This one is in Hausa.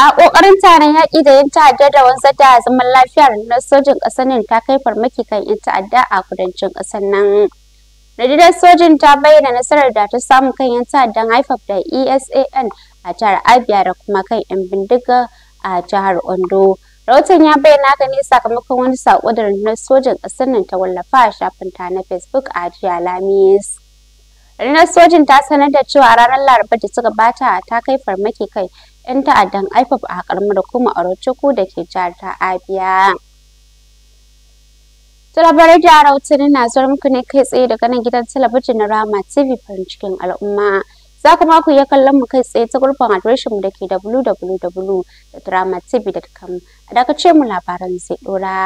A ƙoƙarin taron yaƙi da yin ta'adda da wanzar da zaman lafiyar rundunar sojin ƙasar nan ta kai farmaki kan yin ta'adda a kudancin ƙasar nan. Rundunar sojin ta bayyana nasarar da ta samu kan yin ta'addan haifar da ESAN a jihar Abia da kuma kan 'yan bindiga a jihar Ondo. Rahoton ya bayyana haka ne sakamakon wani saƙo da rundunar sojin ƙasar nan ta wallafa a shafin ta na Facebook a jiya Lamis. Rundunar sojin ta sanar da cewa ranar Laraba da ta gabata ta kai farmaki kai 'yan ta'addan IPOP a ƙaramar kuma a Orochukwu da ke jihar ta Abia. Labarai da rautuni na zuwa muku ne kai tsaye daga nan gidan talabijin na Rama TV farin cikin al'umma. Za kuma ku iya kallon mu kai tsaye ta gurbin adireshin mu da ke www.dramatv.com. A dakace mu labaran zai dora.